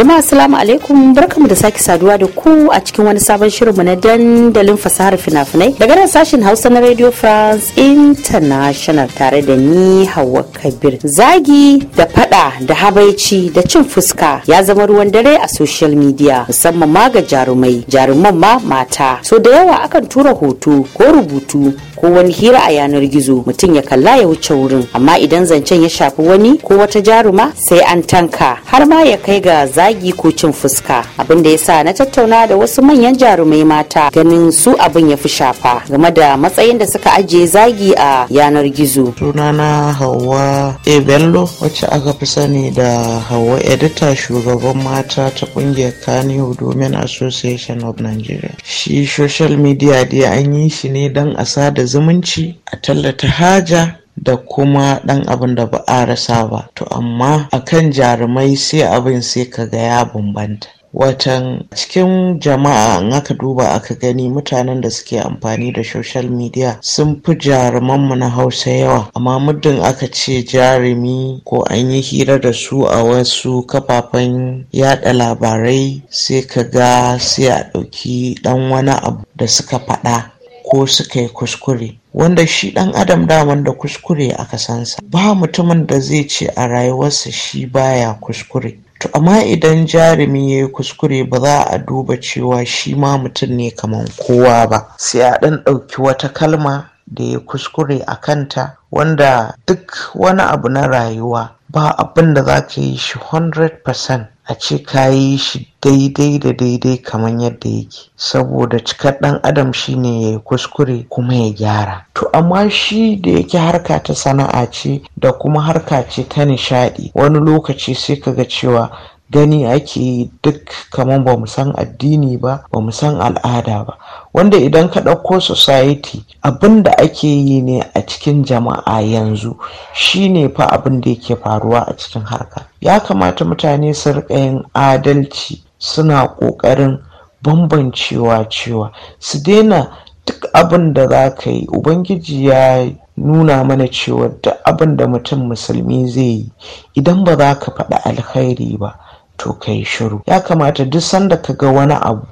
jama'a assalamu alaikum barkamu da sake saduwa da ku a cikin wani sabon shirinmu na dandalin fasahar fina-finai daga nan sashen hausa na radio france international tare da ni hawa kabir zagi da fada da habaici da cin fuska ya zama ruwan dare a social media musamman ma ga jarumai jaruman ma mata so da yawa akan tura hoto ko rubutu ko wani hira a yanar gizo mutum ya kalla ya wuce wurin amma idan zancen ya shafi wani ko wata jaruma sai an tanka har ma ya kai ga zagi ko cin fuska abin da ya sa na tattauna da wasu manyan jarumai mata ganin su abin ya fi shafa game da matsayin da suka ajiye zagi a yanar gizo sunana hawa e bello wacce aka fi sani da hawa edita shugaban mata ta kungiyar kaniyo domin association of nigeria shi social media dai an yi shi ne don a sada zumunci a tallata haja da kuma ɗan abin da ba a rasa ba to amma a kan jarumai sai abin sai ka ga ya bambanta watan cikin jama'a in aka duba aka gani mutanen da suke amfani da social media sun fi jaruman mu na hausa yawa amma muddin aka ce jarumi ko an yi hira da su a wasu kafafen yada labarai sai ka ga sai a ɗauki ɗan wani abu da suka faɗa ko suka yi kuskure wanda shi ɗan adam daman da kuskure aka sansa ba mutumin da zai ce a rayuwarsa shi baya kuskure to amma idan jarumi ya yi kuskure ba za a duba cewa shi ma mutum ne kamar kowa ba sai a ɗan ɗauki wata kalma da ya kuskure a kanta wanda duk wani abu na rayuwa ba abin da za ka yi shi 100% a ce ka yi shi daidai da daidai kamar yadda yake saboda cikar ɗan adam shine ya yi kuskure kuma ya gyara to amma shi da yake harka ta sana'a ce da kuma harka ce ta nishaɗi wani lokaci sai ka ga cewa gani ake yi duk kamar ba mu san addini ba ba mu san al'ada ba wanda idan ka ɗauko society abin da ake yi ne a cikin jama'a yanzu shine fa abin da yake faruwa a cikin harka ya kamata mutane su yin adalci suna ƙoƙarin bambancewa cewa su daina duk abin da za ka yi ubangiji ya nuna mana cewa duk abin da mutum musulmi zai yi idan ba za ka faɗi alkhairi ba to kai shiru ya kamata duk sanda ka ga wani abu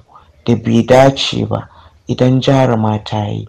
da bai dace ba idan jaruma ta yi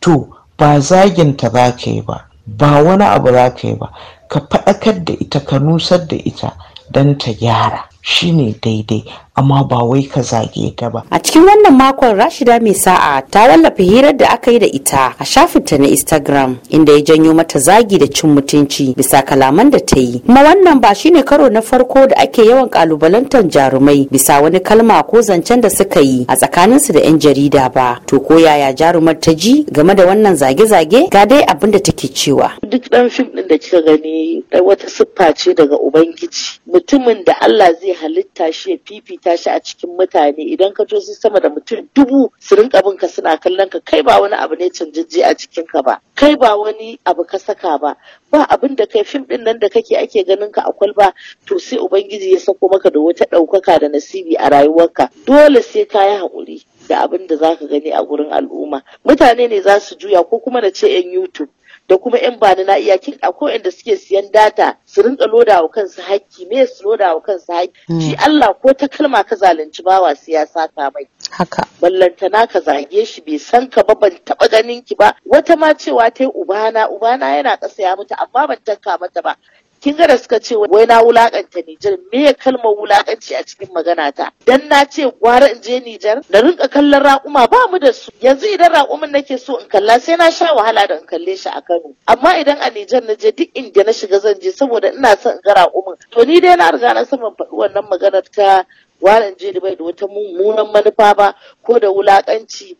to ba zaginta za ka yi ba ba wani abu za ka yi ba ka faɗakar da ita ka nusar da ita don ta gyara shine daidai amma ba wai ka zage ta ba. A cikin wannan makon Rashida mai sa'a ta wallafa hirar da aka yi da ita a shafinta na Instagram inda ya janyo mata zagi da cin mutunci bisa kalaman da ta yi. Kuma wannan ba shine karo na farko da ake yawan kalubalantar jarumai bisa wani kalma ko zancen da suka yi a tsakanin su da 'yan jarida ba. To ko yaya jarumar ta ji game da wannan zage-zage ga dai abin da take cewa. Duk ɗan fim din da kika gani wata siffa ce daga Ubangiji mutumin da Allah zai iya halitta shi ya fifita shi a cikin mutane idan ka sai sama da mutum dubu su rinka binka ka suna kallon ka kai ba wani abu ne canjajje a cikin ka ba kai ba wani abu ka saka ba ba abin da kai fim din nan da kake ake ganin ka a kwalba to sai ubangiji ya sako maka da wata ɗaukaka da nasibi a rayuwarka dole sai ka yi haƙuri da abin da zaka gani a gurin al'umma mutane ne za su juya ko kuma na ce 'yan youtube da kuma yan bani na iya kin akwai inda suke siyan data su rinka loda wa kansu haƙƙi me su loda wa kansu haƙƙi. Hmm. shi Allah ko ta kalma ka zalunci bawa siyasa ka mai haka ballantana ka zage shi bai san ka ba ban taba ganin ki ba wata ma cewa ta ubana ubana yana ƙasa ya mutu amma ban tanka mata ba kin ga da suka ce wai na wulakanta Nijar me ya kalmar wulakanci a cikin magana ta dan na ce gwara in je Nijar na rinka kallon raƙuma ba mu da su yanzu idan raƙumin nake so in kalla sai na sha wahala da in kalle shi a Kano amma idan a Nijar na je duk inda na shiga zan je saboda ina son in ga raƙumin to ni dai na riga na saman faɗi wannan maganar ta gwara in je da bai da wata mummunan manufa ba ko da wulakanci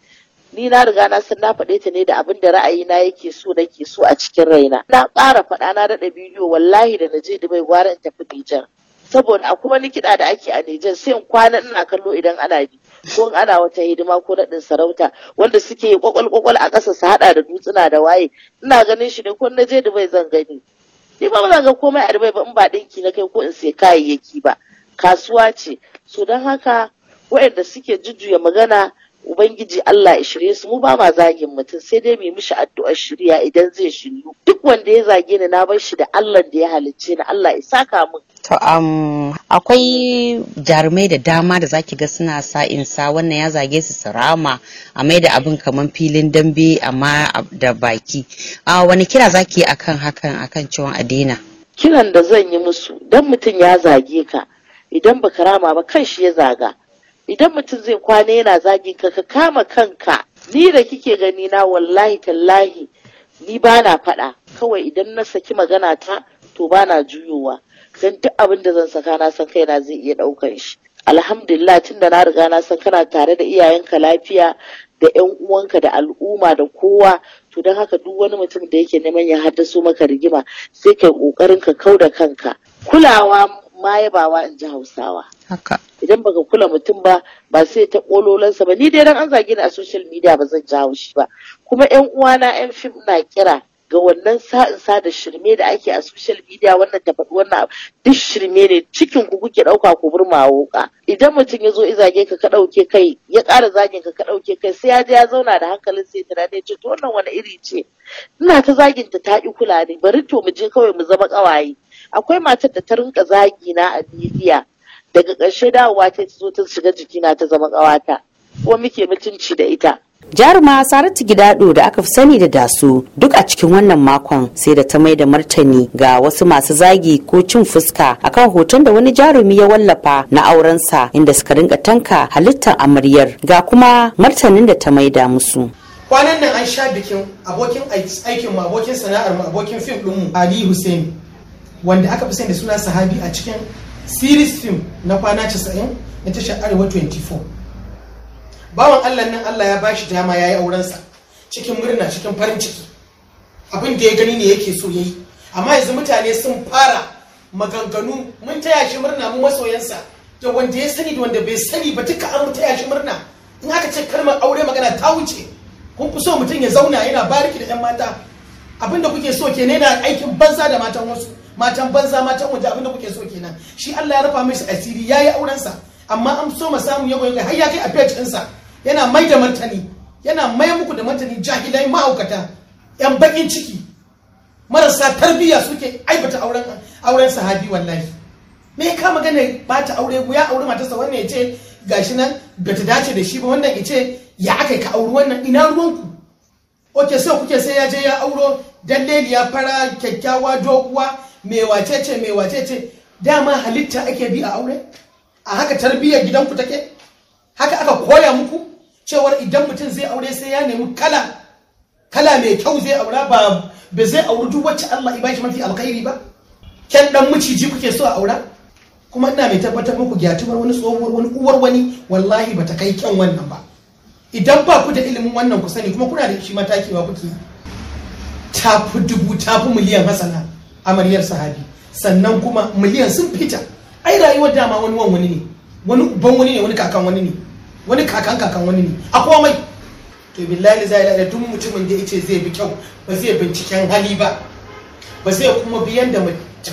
ni na riga na san na faɗe ta ne da abin da ra'ayina yake so nake so a cikin raina na ƙara faɗa na daɗa bidiyo wallahi da naje da bai gwara in tafi Nijar saboda a kuma kiɗa da ake a Nijar sai in kwana ina kallo idan ana bi ko in ana wata hidima ko naɗin sarauta wanda suke kwakwal-kwakwal a ƙasa su haɗa da dutsuna da waye ina ganin shi ne ko na je Dubai zan gani ni ba zan ga komai a Dubai ba in ba ɗinki na kai ko in sai kayayyaki ba kasuwa ce so don haka waɗanda suke jujjuya magana ubangiji Allah ya shirye su mu ba ma zagin mutum sai dai mu mishi addu'ar shirya idan zai shiryu duk wanda ya zage ni na bar shi da Allah da ya halicce ni Allah ya saka mun. to um, akwai jarumai da dama da zaki ga suna sa insa wannan ya zage su rama a mai da abin kamar filin dambe amma da baki uh, wani kira zaki akan hakan akan ciwon adina? kiran da zan yi musu dan mutum ya zage ka idan baka rama ba kan shi ya zaga idan mutum zai kwana yana zagin ka ka kama kanka ni da kike gani na wallahi tallahi ni ba na faɗa kawai idan na saki magana ta to ba na juyowa don duk abin da zan saka na san kaina zai iya ɗaukan shi alhamdulillah tun da na riga na san kana tare da iyayenka lafiya da yan uwanka da al'umma da kowa to don haka duk wani mutum da yake neman ya haddaso maka rigima sai kai kokarin ka kau da kanka kulawa ma yabawa in ji hausawa idan baka kula mutum ba ba sai ta kololansa ba ni dai dan an zage ni a social media ba zan jawo shi ba kuma yan uwana yan fim na kira ga wannan sa da shirme da ake a social media wannan ta faɗi wannan duk shirme ne cikin ku kuke ɗauka ku burma wuka idan mutum ya zo ya zage ka ka ɗauke kai ya ƙara zagin ka ka ɗauke kai sai ya je ya zauna da hankalin sai ta da ce to wannan wani iri ce ina ta zagin ta ta ƙi kula ne bari to mu je kawai mu zama ƙawaye akwai matar da ta rinka zagina a bidiya daga ƙarshe dawowa ta zo ta shiga jikina ta zama ƙawata ko muke mutunci da ita jaruma saratu gidado da aka fi sani da dasu duk a cikin wannan makon sai da ta mai da martani ga wasu masu zagi ko cin fuska akan hoton da wani jarumi ya wallafa na aurensa inda suka rinka tanka halittar amaryar ga kuma martanin da ta da musu kwanan nan an sha bikin abokin aikin mu abokin sana'ar mu abokin fim din mu ali hussein wanda aka fi sani da suna sahabi a cikin series film na kwana 90 na tashar arewa 24 bawan allah nan allah ya bashi dama ya yi aurensa cikin murna cikin farin ciki abin da ya gani ne yake so ya yi amma yanzu mutane sun fara maganganu mun taya shi murna mu masoyansa da wanda ya sani da wanda bai sani ba duka an taya shi murna in aka ce kalmar aure magana ta wuce kun fi so mutum ya zauna yana bariki da 'yan mata abinda kuke so ke na aikin banza da matan wasu matan banza matan waje abin da kuke so kenan shi Allah ya rufa mishi asiri ya auren sa amma an so ma samu yago yago har ya kai a page din sa yana mai da martani yana mai muku da martani jahilai ma'aukata yan bakin ciki marasa tarbiyya suke aibata auren auren sahabi wallahi me ya kama gane ba ta aure ya aure matarsa wannan ya ce gashi nan ba ta dace da shi ba wannan ya ce ya aka ka auri wannan ina ruwanku oke sai kuke sai ya je ya auro dan ya fara kyakkyawa doguwa mai wacece mai wacece dama halitta ake bi a aure a haka tarbiyyar gidanku take haka aka koya muku cewar idan mutum zai aure sai ya nemi kala kala mai kyau zai aura ba ba zai auri duk wacce Allah ya bashi mafi alkhairi ba kyan dan miciji kuke so a aura kuma ina mai tabbatar muku gyatumar wani tsohuwar wani uwar wani wallahi bata kai kyan wannan ba idan ba ku da ilimin wannan ku sani kuma kuna da shi mataki ba kuke tafi dubu tafi miliyan hasana amaryar sahabi sannan kuma miliyan sun fita ai rayuwar dama wani wan wani ne wani uban wani ne wani kakan wani ne wani kakan kakan wani ne a komai to billahi zai da duk mutumin da yace zai bi kyau ba zai binciken hali ba ba zai kuma biyan da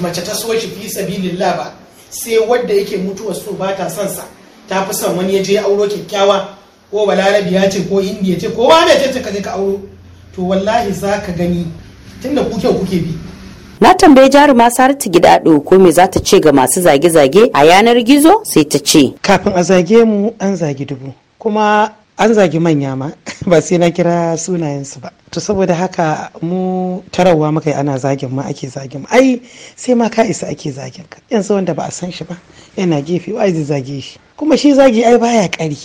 mace ta so shi fi sabilillah ba sai wadda yake mutuwar so ba ta son sa ta fi son wani ya je auro kyakkyawa ko balarabi ya ce ko indiya ce ko wane ce ka je ka auro to wallahi za ka gani tunda ku kyau kuke bi na tambayi jaruma saratu ɗo ko me za ta ce ga masu zage-zage a yanar gizo sai ta ce kafin a zage mu an zagi dubu kuma an zagi manya ma ba sai na kira sunayensu ba to saboda haka mu tarawa muka ana zagin ma ake zagin ai sai ma ka isa ake zagin ka yanzu wanda ba a san shi ba yana gefe wa zai zage shi kuma shi zagi ai baya kari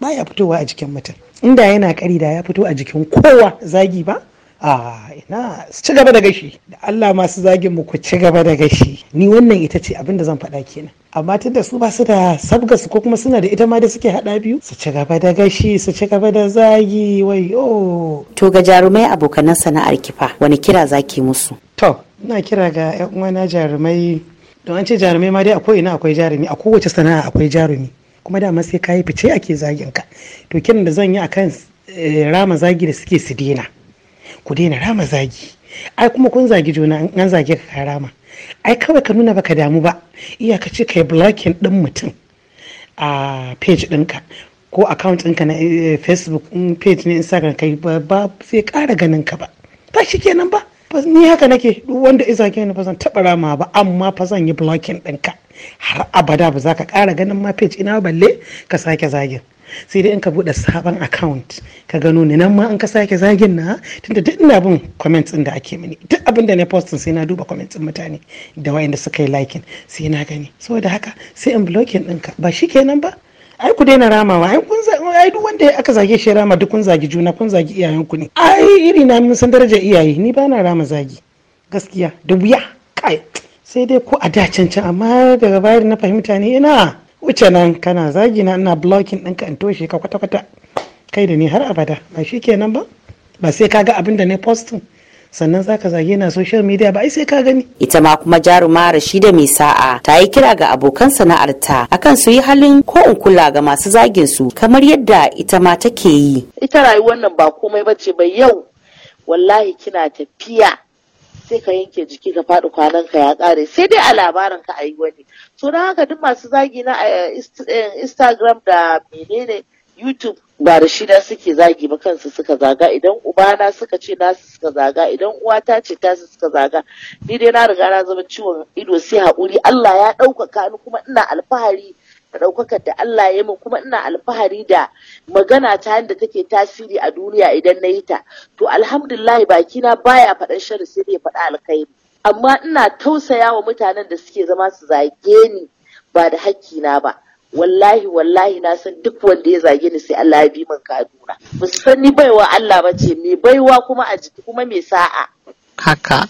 baya fitowa a jikin mutum inda yana kari da ya fito a jikin kowa zagi ba a ina ci gaba da gashi da Allah masu zagin mu ku ci gaba da gashi ni wannan ita ce abin da zan faɗa kenan amma tun da su ba su da sabga ko kuma suna da ita ma da suke haɗa biyu su ci gaba da gashi su ci gaba da zagi wai o to ga jarumai abokanan sana'ar kifa wani kira zaki musu to ina kira ga yan uwana jarumai don an ce jarumai ma dai akwai ina akwai jarumi a kowace sana'a akwai jarumi kuma dama sai kayi fice ake zagin ka to kin da zan yi akan eh, rama zagi da suke su dena ku daina rama zagi ai kuma kun zagi juna an zage ka ka rama ai kawai ka nuna baka damu ba iyaka ce kai blocking din mutum a page ɗinka ko account ɗinka na eh, facebook page ne instagram kai ba sai ƙara ganin ka ba ba shi kenan ba ni haka nake wanda isa ke ni ba zan taɓa rama ba amma fa zan yi blocking ɗinka har abada ba za ka ƙara ganin ma page ina balle ka sake zagin sai dai in ka bude sabon account ka gano ni nan ma an ka sake zagin na tunda duk ina bin comments din da ake mini duk abin da na post sai na duba comments din mutane da wayanda suka yi liking sai na gani saboda haka sai in blocking ɗinka ba shi kenan ba ai ku daina ramawa ai kun ai duk wanda aka zage shi rama duk kun zagi juna kun zagi iyayenku ne ai iri na mun san darajar iyaye ni ba na rama zagi gaskiya da wuya kai sai dai ko a da can amma daga bayar na fahimta ne ina wuce nan kana zagina ina blocking ɗinka in toshe ka kwata-kwata kai da ni har abada ba shi kenan ba ba sai ka ga abin da na postin sannan za ka zage na social media ba sai ka gani ita ma kuma jaruma Rashida mai sa'a ta yi kira ga abokan sana'arta akan su yi halin ko in kula ga masu zagin su kamar yadda ita ma take yi ita rayuwar nan ba komai bace ba yau wallahi kina tafiya sai ka yanke jiki ka faɗi kwanan ka ya ƙare sai dai a labarin ka ayi wani so don haka duk masu zagi na eh, eh, instagram da menene youtube ba da shida suke zagi ba kansu suka zaga idan ubana suka ce nasu suka zaga idan uwata ce tasu suka zaga ni dai na riga na zama ciwon ido sai haƙuri allah ya ɗaukaka ni kuma ina alfahari da ɗaukakar da Allah ya yi kuma ina alfahari da magana ta yadda take tasiri a duniya idan na yi ta to alhamdulillah bakina baya faɗan shari sai dai faɗa alkhairi amma ina tausaya wa mutanen da suke zama su zage ni ba da hakkina ba wallahi wallahi na san duk wanda ya zage ni sai Allah ya bi min kaduna san ni baiwa Allah ba ce mai baiwa kuma a jiki kuma mai sa'a haka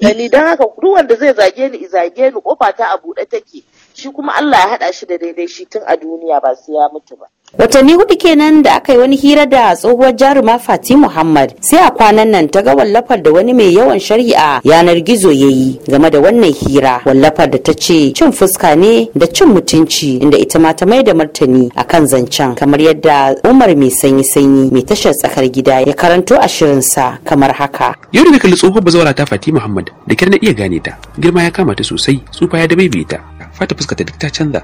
gani don haka duk wanda zai zage ni zage ni kofa ta a buɗe take shi kuma Allah ya haɗa shi da daidai shi tun a duniya ba sai ya mutu ba. Watanni hudu kenan da aka yi wani hira da tsohuwar jaruma Fati Muhammad sai a kwanan nan ta ga wallafar da wani mai yawan shari'a yanar gizo ya yi game da wannan hira wallafar da ta ce cin fuska ne da cin mutunci inda ita ma ta mai da martani akan zancen kamar yadda Umar mai sanyi sanyi mai tashar tsakar gida ya karanto a shirinsa kamar haka. Yau da kalli tsohuwar bazawara ta Fati Muhammad da kyar na iya gane ta girma ya kama ta sosai tsufa ya da ta fata fuskarta ta duk ta canza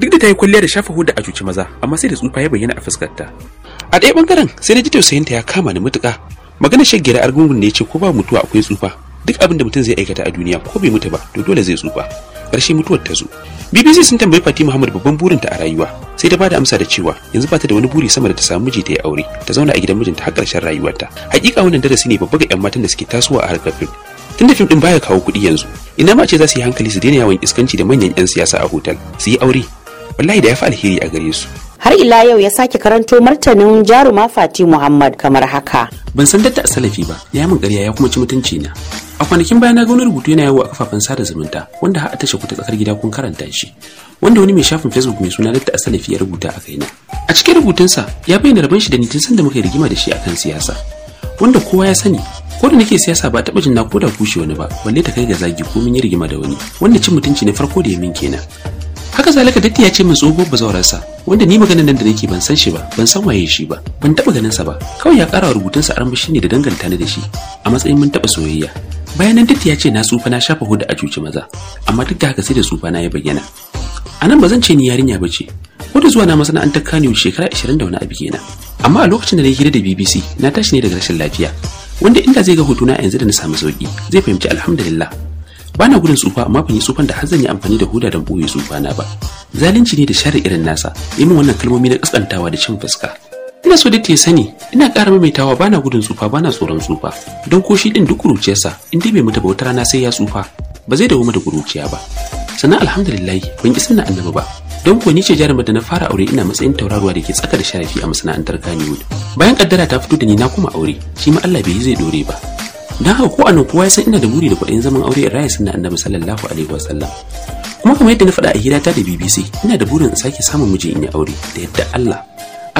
duk da ta yi kwalliya da shafa huda a cuci maza amma sai da tsufa ya bayyana a fuskar ta a ɗaya bangaren sai na ji tausayinta ya kama ni mutuka magana shaggera argungun ne ya ce ko ba mutuwa akwai tsufa duk abin da mutum zai aikata a duniya ko bai mutu ba to dole zai tsufa ƙarshe mutuwar ta zo BBC sun tambayi Fatima Muhammad babban burinta a rayuwa sai ta bada amsa da cewa yanzu ba ta da wani buri sama da ta samu miji ta yi aure ta zauna a gidan mijinta har ƙarshen rayuwarta hakika wannan darasi ne babba ga 'yan matan da suke tasowa a harkar fim Tun da fim din baya kawo kuɗi yanzu ina ma ce za su yi hankali su daina yawon iskanci da manyan 'yan siyasa a hotel su yi aure wallahi da ya fi alheri a gare su har ila yau ya sake karanto martanin jaruma fati muhammad kamar haka ban san datta salafi ba ya yi min ƙarya ya kuma ci mutunci na a kwanakin baya na ga wani rubutu yana yawo a kafafen sada zumunta wanda har a tasha kuta ta tsakar gida kun karanta shi wanda wani mai shafin facebook mai suna datta salafi ya rubuta a kaina a cikin rubutunsa ya bayyana rabon shi da ni tun sanda muka yi rigima da shi akan siyasa wanda kowa ya sani ko da nake siyasa ba taɓa jin na koda kushe wani ba balle ta kai ga zagi ko mun yi rigima da wani wanda cin mutunci ne farko da ya min kenan haka zalika datti ya ce min tsohuwar bazawararsa wanda ni maganar nan da nake ban san shi ba ban san waye shi ba ban taɓa ganin sa ba kawai ya ƙara rubutunsa armashi ne da danganta ni da shi a matsayin mun taɓa soyayya bayan nan datti ya ce na tsufa na shafa hudu a cuci maza amma duk da haka sai da tsufa na ya bayyana a nan ba zan ce ni yarinya ba ce da zuwa na masana'antar kano shekara 20 da wani abu kenan amma a lokacin da na hira da bbc na tashi ne daga rashin lafiya wanda inda zai ga hotuna yanzu da na samu sauki zai fahimci alhamdulillah bana gudun tsufa amma ban yi tsufan da har zan yi amfani da huda don boye tsufana ba zalunci ne da share irin nasa yi min wannan kalmomi na kaskantawa da cin fuska ina so duk ya sani ina ƙara maimaitawa bana gudun tsufa bana tsoron tsufa don ko shi ɗin duk kuruciyarsa in dai bai mutu ba wata rana sai ya tsufa ba zai dawo da kuruciya ba sannan alhamdulillah ban ki na annabi ba don kuwa ni ce jarumar da na fara aure ina matsayin tauraruwa da ke tsaka da sharafi a masana'antar Kannywood bayan kaddara ta fito da ni na kuma aure shi ma Allah bai zai dore ba dan haka ko anan kowa ya san ina da buri da kuɗin zaman aure in raya sunna annabi sallallahu alaihi wasallam kuma kamar yadda na faɗa a hirata da BBC ina da burin in sake samun miji in yi aure da yadda Allah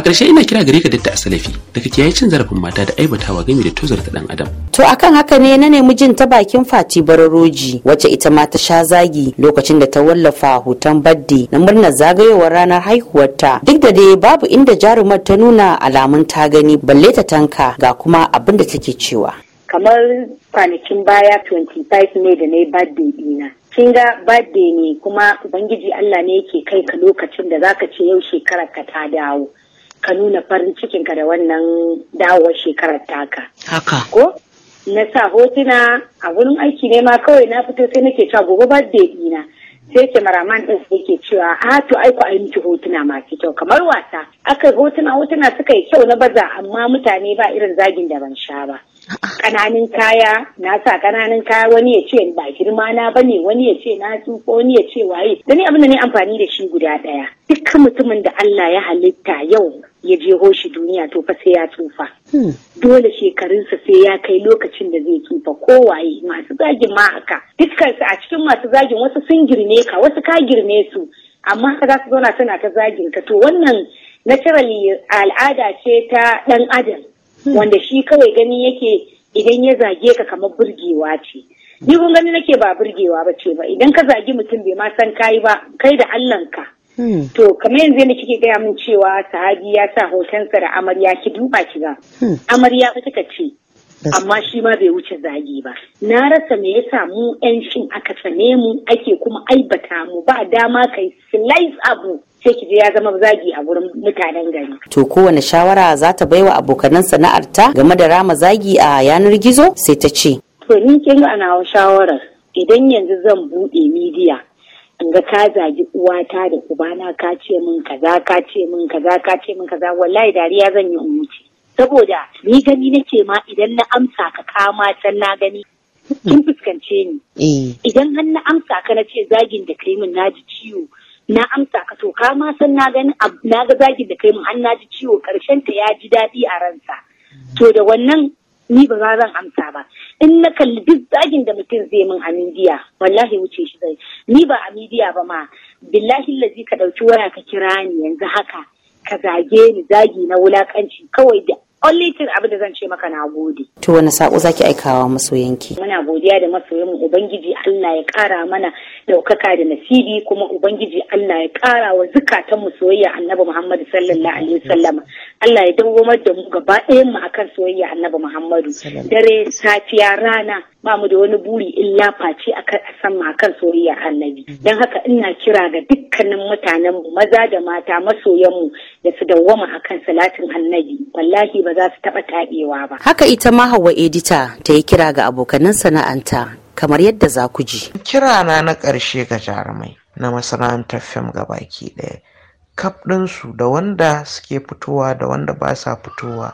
a ƙarshe ina kira gare ka datta a salafi daga kiyaye cin zarafin mata da aibatawa game da tozarta dan adam to akan haka ne na nemi jin ta bakin fati bararoji wacce ita ma ta sha zagi lokacin da ta wallafa hoton baddi na murnar zagayowar ranar haihuwarta duk da dai babu inda jarumar ta nuna alamun ta gani balle ta tanka ga kuma abin da take cewa kamar kwanakin baya 25 ne da na yi birthday dina kin ga birthday ne kuma ubangiji Allah ne yake kai ka lokacin da zaka ce yau shekarar ka ta dawo ka nuna farin cikinka da wannan dawowar shekarar taka. Haka. Ko? Na sa hotuna a wurin aiki ne ma kawai na fito sai nake cewa gobe ba ɗina. sai maraman ɗin sai ke cewa a to ai ku miki hotuna masu kyau kamar wasa aka hotuna hotuna suka yi kyau na baza amma mutane ba irin zagin da ban sha ba Ƙananan kaya na sa ƙananan kaya wani ya ce ba girma na bane wani ya ce na tsufa wani ya ce waye. Da abin da ne amfani da shi guda ɗaya. Dukkan mutumin da Allah ya halitta yau ya je shi duniya to fa sai ya tsufa. Hmm. Dole shekarunsa sai ya kai lokacin da zai tsufa waye masu zagin ma haka. Dukkansu a cikin masu zagin wasu sun girme ka wasu ka girme su. Amma ka za su zauna suna ta zagin ka to wannan naturally al'ada ce ta dan adam. Hmm. wanda shi kawai gani yake idan ya zage ka kamar burgewa ce ni kun gani nake ba burgewa ba ce ba idan ka zagi mutum bai ma san kai ba kai da ka. Hmm. to kamar yanzu yadda kike gaya min cewa sahabi ya sa hotonsa da amarya ki duba ki ga hmm. amarya ba kika ce amma shi ma bai wuce zagi ba na rasa me yasa mu yan shin aka same mu ake kuma aibata mu ba dama kai slice abu sai ki je ya zama zagi a gurin mutanen gari. To kowane shawara za ta baiwa abokanan sana'arta game da rama zagi a yanar gizo sai ta ce. To ni kin ana shawarar idan yanzu zan buɗe midiya in ga ka zagi uwata da ubana ka ce min kaza ka ce min kaza ka ce min kaza wallahi dariya zan yi umuci. Saboda ni gani nake ma idan na amsa ka kama can na gani kin fuskance ni. Eh. Idan har na amsa ka na ce zagin da kai min na ji ciwo na amsa ka to ka ma san na gani na ga zagin da kai mu har ji ciwo karshen ta ya ji daɗi a ransa to da wannan ni ba zan amsa ba in na kalli duk zagin da mutum zai min a midiya wallahi wuce shi zai ni ba a midiya ba ma billahi lazi ka ɗauki waya ka kira ni yanzu haka ka zage ni zagi na wulakanci kawai da only thing abin da zan ce maka na gode. To wani sako zaki aikawa masoyanki? Muna godiya da masoyan mu Ubangiji Allah ya ƙara mana ɗaukaka da nasibi kuma Ubangiji Allah ya ƙara wa zukatan mu soyayya Annabi Muhammadu sallallahu alaihi wasallam. Allah ya dawwamar da mu gaba ɗayan mu akan soyayya Annabi Muhammadu. Dare, safiya, rana, ba mu da wani buri illa face a san kan soyayyar annabi mhm. don haka ina kira ga dukkanin mutanen mu maza da mata masoyan mu da su dawwama akan salatin annabi wallahi ba za su taba tabewa ba haka ita ma Hauwa Edita ta yi kira ga abokanan sana'anta kamar yadda za ku ji kirana na karshe ga jarumai na masana'antar fim gabaki ɗaya kaf ɗinsu da wanda suke fitowa da wanda ba sa fitowa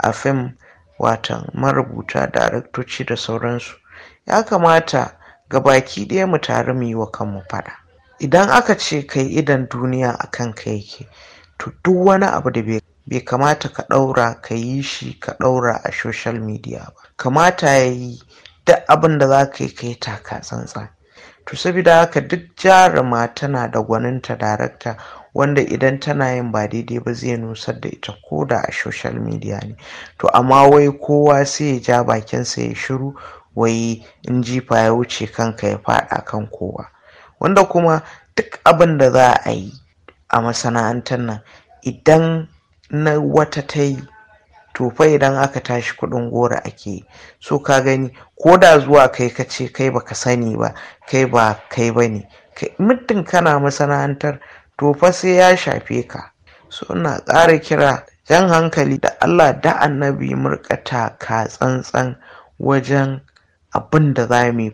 a fim watan marubuta daraktoci da sauransu ya kamata ga baki ɗaya mu taru mu yi wa kanmu faɗa idan aka ce kai idan duniya a kan ka yake to duk wani abu da bai kamata ka ɗaura ka yi shi ka ɗaura a social media ba kamata ya yi duk abin da za ka yi ka yi taka tsantsan to saboda haka duk jaruma tana da gwaninta darakta wanda idan tana yin ba daidai ba zai nusar da ita ko da a social media ne to amma wai kowa sai ya ja bakinsa ya shiru wai in jifa ya wuce kanka ya faɗa kan kowa wanda kuma duk abin da za a yi a masana'antar nan idan na wata ta yi Tofa idan aka tashi kuɗin goro ake yi so ka gani ko da zuwa kai ka ce kai baka sani ba kai ba kai ba ne muddin kana masana'antar to sai ya shafe ka so na ƙara kira jan hankali da allah da annabi murkata ka tsantsan wajen abin da za mu yi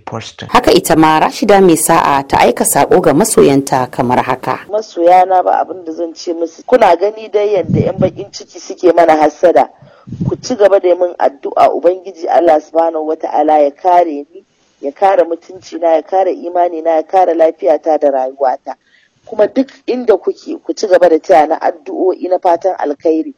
Haka ita ma Rashida mai sa'a ta aika sako ga masoyanta kamar haka. Masoyana ba abin da zan ce musu kuna gani dai yadda 'yan bakin ciki suke mana hassada. ku ci gaba da min addu'a ubangiji Allah subhanahu wata'ala ya kare ni ya kare mutunci na ya kare imani na ya kare lafiyata da rayuwata kuma duk inda kuke ku ci gaba da taya na addu'o'i na fatan alkhairi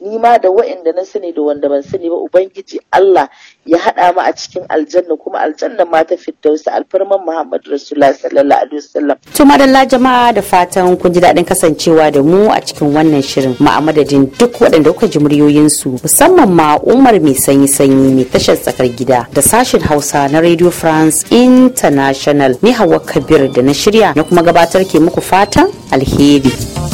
ni ma da wa'inda na sani da wanda ban sani ba ubangiji Allah ya haɗa mu a cikin aljanna kuma aljanna ma ta firdausa alfarman Muhammadu Rasulullah sallallahu alaihi wasallam to madalla jama'a da fatan kun ji daɗin kasancewa da mu a cikin wannan shirin ma madadin duk waɗanda kuka ji muryoyin su musamman ma Umar mai sanyi sanyi mai tashar tsakar gida da sashin Hausa na Radio France International ni Hawwa Kabir da na shirya na kuma gabatar ke muku fatan alheri